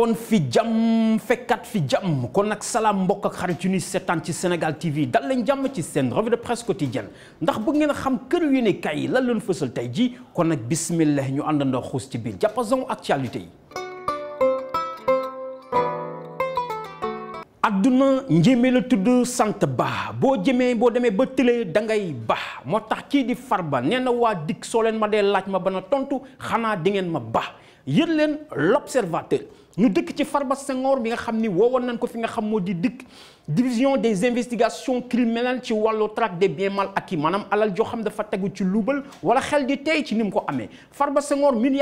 won fi jam fekkat fi jam kon nak salam mbok ak xarit ni ci senegal TV dal leen jam ci sen revue de presse quotidienne ndax bu ngeen xam keur yu ne kay lan leen feussal tay ji kon nak bismillah ñu àndandoo xuus ci biir jàppazon actualité aduna adduna njéeme la tudd sant ba bo jeme bo deme ba tele da ngay ba motax ki di Farba neena wa dik so len ma de laaj ma bana tontu xana di ngeen ma ba yéen len l'observateur ñu dëkk ci Farba Senghor bi nga xamni ni nañ ko fi nga xam dëkk division des investigations criminelles ci wallo traque des biens mal acquis manam alal jo xam dafa teggu ci wala xel di tey ci nim ko amé Farba Senghor min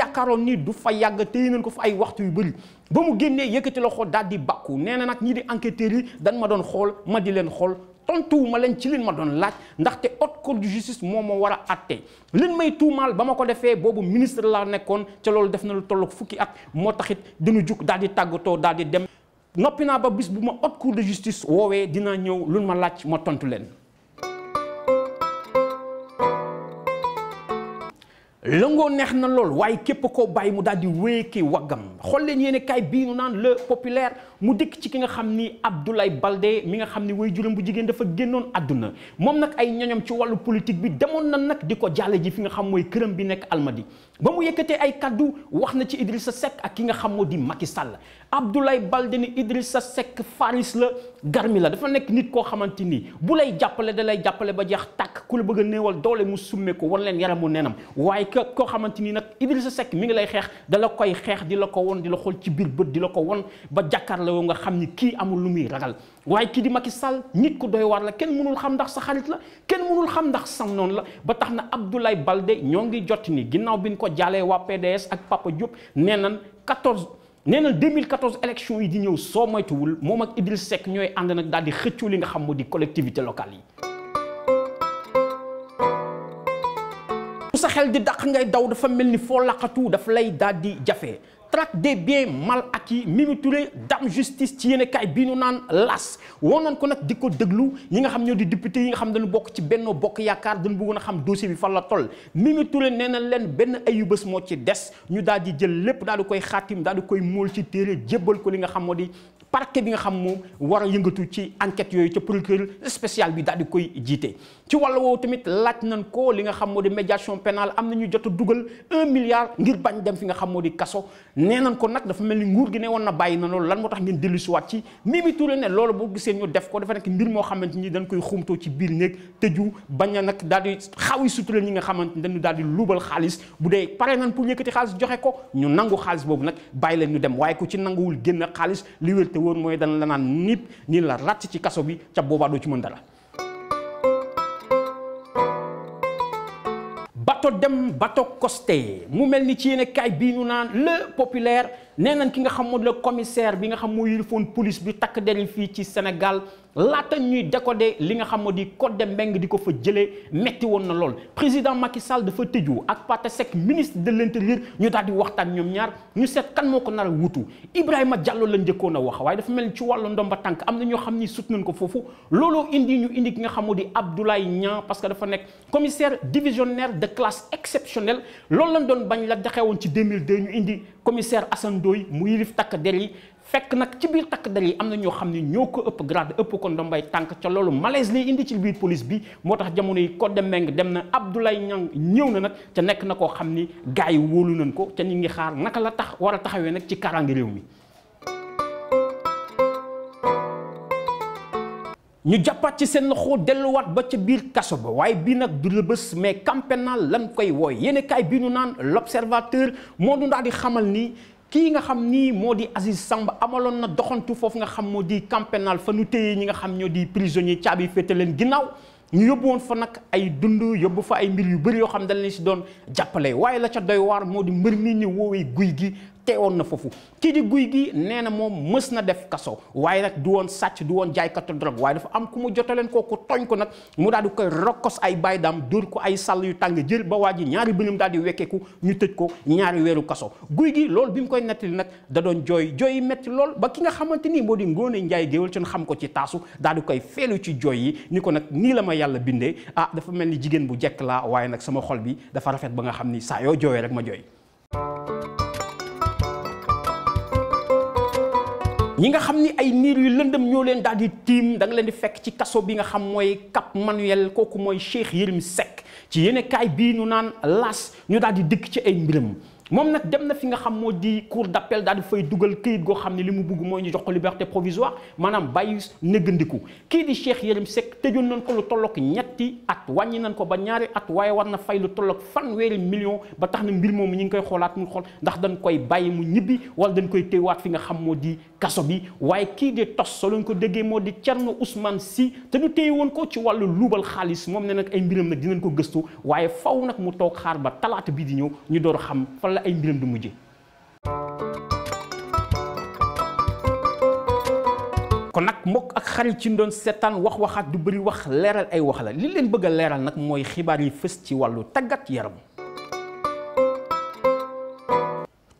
du fa yag tey nañ ko fa ay waxtu yu bari ba mu génnee yëkkati loxo daal di bakku néna nak ñi di enquêteur yi dañ ma doon xool ma di leen xool tontuwuma leen ci liñ ma doon laaj ndaxte haute cour de justice moo ma war a àtte liñ may tuumaal ba ma ko defee boobu ministre laa nekkoon ca loolu def na lu tolloog fukki at moo taxit dinu jug daal di tàggatoo daal di dem noppi naa ba bis bu ma haute cour de justice woowee dinaa ñëw lu luñ ma laaj ma tontu leen. lëngoo neex na lool waaye képp koo bàyyi mu daal di wéeki waggam xool leen yéen kaay bii nu naan le populaire mu dikk ci ki nga xam ni Abdoulaye balde mi nga xam ni way juróom bu jigéen dafa génnoon àdduna moom nag ay ñoñom ci wàllu politique bi demoon na nag di ko jàlle ji fi nga xam mooy këram bi nekk Almadi ba mu yëkkatee ay kàddu wax na ci sa Seck ak ki nga xam moo di Macky Sall Abdoulaye Baldé ni sa Seck faris la garmi la dafa nekk nit koo xamante ni bu lay jàppale da lay jàppale ba jeex tàkk ku la bëgg a doole mu summe ko wan leen yaramu nenam waaye koo xamante ni nag Idrissa sekk mi ngi lay xeex dala koy xeex di la ko won di la xool ci biir bët di la ko won ba jàkkaarloo nga xam ni kii amul lu muy ragal waaye kii di Macky Sall nit ku doy waar la kenn mënul xam ndax sa xarit la kenn mënul xam ndax sam noon la ba tax na Abdoulaye Baldé ñoo ngi jot ni ginnaaw bi nu ko jaalee waa PDS ak Papa Diop nee nan 14. nee na 2014 élection yi di ñëw soo moytuwul moom ak Idriss sekk ñooy ànd nag daal di xëccoo li nga xam moo di collectivité locale yi sa xel di dàq ngay daw dafa melni fo laqatu daf lay daal jafé jafe traque des biens mal acquis Mimi dame justice ci yéen kay bii ñu naan las woonoon ko nak diko deglu déglu nga xam ñoo di député yi nga xam dañu bok ci Benno bok Yaakaar dañu bëggoon a xam dossier bi fa la toll Mimi Touré nee na leen benn ci des ñu daal jël lepp daal koy khatim daal koy móol ci téré jébal ko li nga xam modi parquet bi nga xam moom war a yëngatu ci enquête yooyu ca procureur spécial bi daal di koy jiite ci wàllu woo tamit laaj nañ ko li nga xam moo di médiation penal am ñu jot a dugal un milliard ngir bañ dem fi nga xam moo di kaso nee nañ ko nag dafa mel ni nguur gi ne woon na bàyyi na loolu lan moo tax ngeen dellu siwaat ci Mimi Touré ne loolu boo gisee ñu def ko dafa nekk mbir moo xamante ni dañ koy xumtoo ci biir néeg tëju bañ a nag daal di xaw ñi nga xamante ni dañu daal di luubal xaalis bu dee pare nañ xaalis joxe ko ñu nangu xaalis boobu nag bàyyi leen ñu dem waaye ku ci nanguwul génn xaalis li wér jëflante mooy dana la naan nit nii la ràcc ci kaso bi ca boobaa doo ci mën dara. bato dem bato costé mu mel ni ci yéen kaay bii ñu naan le populaire nee nañ ki nga xam moo le commissaire bi nga xam moo yilifoon police bi takk deri fii ci Sénégal. laata ñuy décoder li code de mbeng di ko fa mettez metti président Macky Sall ministre de l'intérieur ñu di wutu Ibrahim Diallo a wax waaye mel ci ndomba ni indi ñu indi Abdoulaye que commissaire divisionnaire de classe exceptionnelle loolu lañ doon la 2002 indi commissaire Assane Muiriftakaderi. fekk nag ci biir takk der yi am na ñoo xam ne ñoo ko ëpp grade ëpp ko ndombay tànk ca loolu malaise lay indi ci biir police bi moo tax jamono yi ko Mbengue dem na Abdoulaye Niang ñëw na nag ca nekk na koo xam ni gars yi wóolu nañ ko ca ñu ngi xaar naka la tax war a taxawee nag ci kaaraange réew mi. ñu jàppaat ci seen loxo delluwaat ba ca biir kaso ba waaye bii nag du rëbës mais camp pénal lan koy wooy yéen kaay bi ñu naan l' observateur moo du daal di xamal ni. kii nga xam nii moo di Aziz Samb amaloon na doxantu foofu nga xam moo di camp fa nu téye ñi nga xam ñoo di prisonnier caabi féete leen ginnaaw ñu yóbbu woon fa nag ay dund yóbbu fa ay mbir yu bari yoo xam dañ leen si doon jàppale waaye la ca doy waar moo di mbër mi ñu woowee guy gi teewoon na foofu kii di guy gi nee na moom mës na def kaso waaye nag du woon sàcc du woon jaaykatu drogue waaye dafa am ku mu jotaleen kooku tooñ ko nag mu daa di koy rokkos ay baay daam dóor ko ay sàll yu tàng jër ba waa ji ñaari bënum daal di wekkeeku ñu tëj ko ñaari weeru kaso guy gi loolu bi mu koy nettali nag da doon jooy jooy metti lool ba ki nga xamante ni moo di Ngoone Njaay géwél ci xam ko ci taasu daal di koy feelu ci jooy yi ni ko nag nii la ma yàlla bindee ah dafa mel ni jigéen bu jekk laa waaye nag sama xol bi dafa rafet ba nga xam ni saa yoo jooyee rek ma jooy ñi nga xam ni ay niir yu lëndëm ñoo leen daal di tiim danga leen di fekk ci kaso bi nga xam mooy Cap Manuel kooku mooy Cheikh mi Seck ci yéene kaay bii nu naan las ñu daal di dëkk ci ay mbiram Mom nak dem na fi nga xam di cour d'appel daal di fay dugal këyit mu ñu liberté provisoire Madame bàyyi néggandiku Qui di Cheikh Yérim Seck tëjoon nañ ko lu tollook ñetti at ko ba ñaari na fay lu tollook million ba tax na mbir moomu ñu koy xoolaat mu xool ndax dañ koy bàyyi mu ñibbi wala dañ koy téywaat fi nga xam moo di bi di tos ko déggee mo di Thierno Ousmane si te ñu téye ko ci wàllu luubal xaalis moom ne nak ay mbiram ko faw mu la ay mbiram du mujje kon nag mbokk ak xarit ci doon seetaan wax waxaat du bari wax leeral ay wax la li leen bëgg a leeral nag mooy xibaar yi fës ci wàllu tàggat yaram.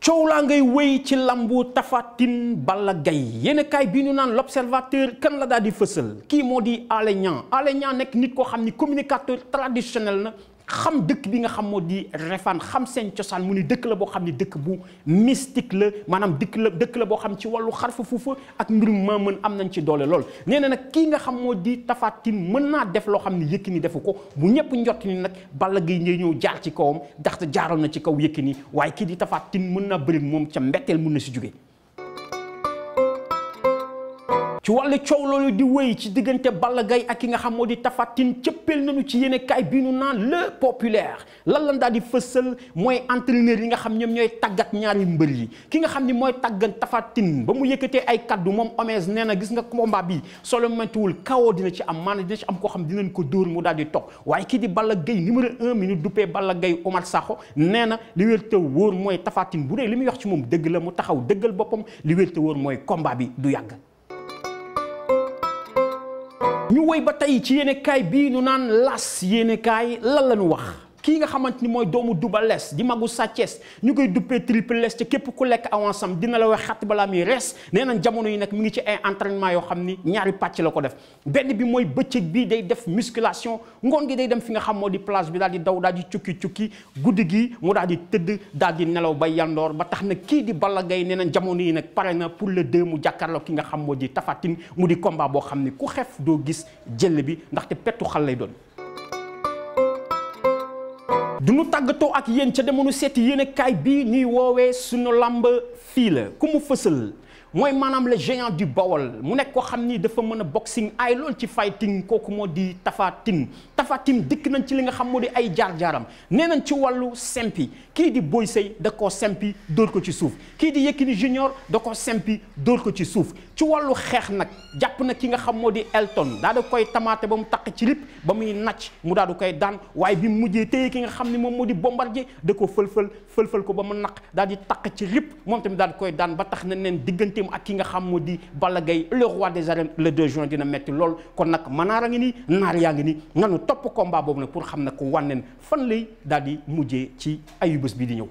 coow laa ngay wéy ci lambu tafatin bala Gaye yéen kaay bi ñu naan l'observateur kan la daal di fësal kii moo di Alé Niang Alé nekk nit koo xam ni communicateur traditionnel na xam dëkk bi nga xam moo di Refane xam seen cosaan mu ni dëkk la boo xam ni dëkk bu mystique la maanaam dëkk la dëkk la boo xam ci wàllu xar fa fuufa ak mbirum maa mën am nañ ci doole lool nee na nag kii nga xam moo di tafaatin mën naa def loo xam ne ni defu ko bu ñëpp njott ni nag bala Gaye ngay ñëw jaar ci kawam ndaxte jaaral na ci kaw Yékini waaye kii di tafaatin mën naa bëri moom ca mbetteel mën na si jóge ci wàllu coow loolu di wéy ci diggante Balla Gaye ak ki nga xam moo tafatine Tapha Tine nañu ci yéene kaay bi ñu naan le populaire lan lan daal di fësal moy entraîneur yi nga xam ñom ñoy tagat ñaari mbeul yi ki nga xam ni moy tàggat tafatine ba mu yëkëté ay cadeau mom Omez néna gis nga combat bi solo mantuwul kawo dina ci am maanaam dina ci am ko xam dinañ ko door mu daal di tok waye ki di Balla Gaye numéro 1 minute ñu duppee Balla Gaye Omar Sakho nee li wér woor moy tafatine bu dee limi wax ci mom dëgg la mu taxaw dëggal boppam li wér woor moy combat bi du yàgg ñu woy ba tey ci yéenekaay bii nu naan las kaay lan la ñu wax kii nga xamanteni moy doomu Double Less di magu Sa Thiès ñu koy duppee Triple Less ci képp ku lek avance am dina la wax xat balaa muy rees nee nañ jamono yi nak mi ngi ci un entraînement yo xamni ñaari patch la ko def benn bi moy bëccëg bi day def musculation ngon gi day dem fi nga xam moo di plage bi dal di daw dal di ciuki ciuki guddi gi mu dal di teud dal di nelaw ba yandor ba tax na ki di Balla Gaye nee jamono yi nak pare na pour le deux mu jakarlo ki nga xam moo di Tapha mu di combat bo xamni ku xef do gis jël bi ndax te pettu xal lay doon du nu tàggatoo ak yéen ca demoonu seeti yéen a kaay bii ñuy woowee sunu lamb fii la ku mu fësal moy manam le géant du Bawol mu nek ko xamni dafa meuna boxing ay lool ci fighting kooku mo di Tapha Tine dik nañ ci li nga xam ay ci sempi ki di Boy Sey da sempi dóor ko ci souf di yekini Junior da ko sempi dóor ko ci souf ci walu xex nak na ki nga xam Elton da da koy tamaate ba tak ci lip bamuy natch, nacc mu du koy dan waaye bi mujjé ki nga xamni mom modi Bombardier da ko fël-fël ko nak di tak ci koy ba tax digganteem ak ki nga xam mo di Balla le roi des arènes le 2 juin dina metti lol kon nak manara ngi ni nar yaa ngi nanu top combat bobu nak pour xam nak ko fan lay daal di mujjee ci ayu bés bi di ñew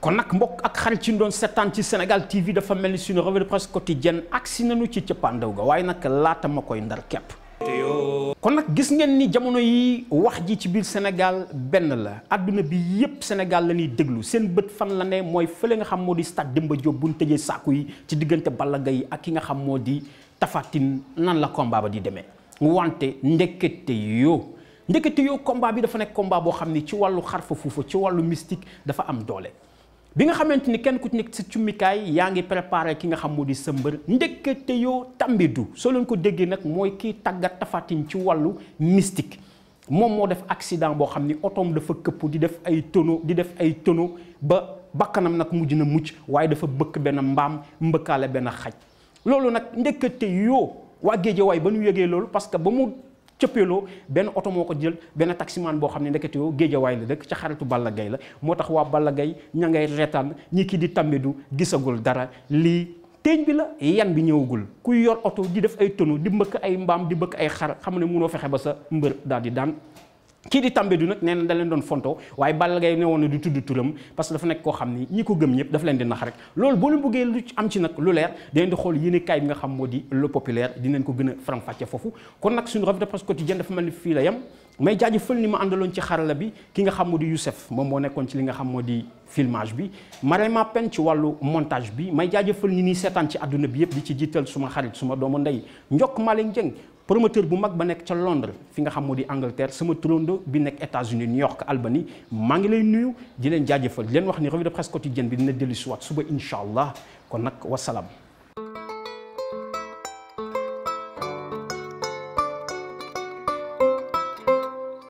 kon nak mbok ak xal ci ndon seetaan ci Sénégal TV dafa melni suñu revue de presse quotidienne agsi nañu ci pandaw ga waaye nag laata ma koy ndar yo kon nag gis ngeen ni jamono yi wax ji ci biir Sénégal benn la àdduna bi yépp Sénégal la ñuy déglu seen bët fan la ne mooy fële nga xam moo di stade Demba Diop bu ñu tëjee sàkku yi ci diggante Balla Gaye ak ki nga xam moo di Tapha nan la combat ba di demee wante ndekete yoo ndekete yoo combat bi dafa nekk combat boo xam ni ci wàllu xarfa fuufa ci wàllu mystique dafa am doole bi nga xamante ni kenn ku ci nekk sa cummikaay yaa ngi préparé ki nga xam moo di sa mbër ndekete yoo tambidu soo leen ko déggee nag mooy kiy tàggat tafatin ci wàllu mystique moom moo def accident boo xam ni otoom dafa këpp di def ay tonneau di def ay tonneau ba bakkanam nag mujj na mucc waaye dafa bëkk benn mbaam mbëkkaale benn xaj loolu nag ndekete yoo waa géejewaay ba ñu yëgee loolu parce que ba mu cëppeeloo ben ben moo ko jël benn taximan bo xam ne yo geedja way la dekk ci xaritu Balla gay la motax wa Balla gay ña ngay reetaan ñi ki di tambidu gisagul dara li teñ bi la yan bi ñewugul ku yor auto di def ay tonu di mbeuk ay mbam di mbëkk ay xar ne munoo ba sa mbeur dal di dan kii di Tambédou nag nee na da leen doon fontoo waaye Balla Gaye ne woon na du tudd turam parce que dafa nekk koo xam ni ñi ko gëm ñëpp dafa leen di nax rek loolu boo leen bëggee lu am ci nag lu leer dinañ di xool yéen bi nga xam moo di le populaire dinañ ko gën a faram-fàcce foofu kon nag suñu revue de presse quotidienne dafa mel ni fii la yem may jaajëfal ni ma àndaloon ci xarala bi ki nga xam moo di Youssef moom moo nekkoon ci li nga xam moo di filmage bi Marema Pen wàllu montage bi may jaajëfal ñi ni seetaan ci àdduna bi yëpp di ci jiital suma xarit suma doomu ndey Ndiok Malick Dieng promoteur bu mag ba nekk ca Londres fi nga xam moo di Angleterre sama turando bi nekk États-Unis New York Albany maa ngi lay nuyu di leen jaajëfal di leen wax ni revue de presse bi dina dellu si waat suba incha allah kon nag wasalaam.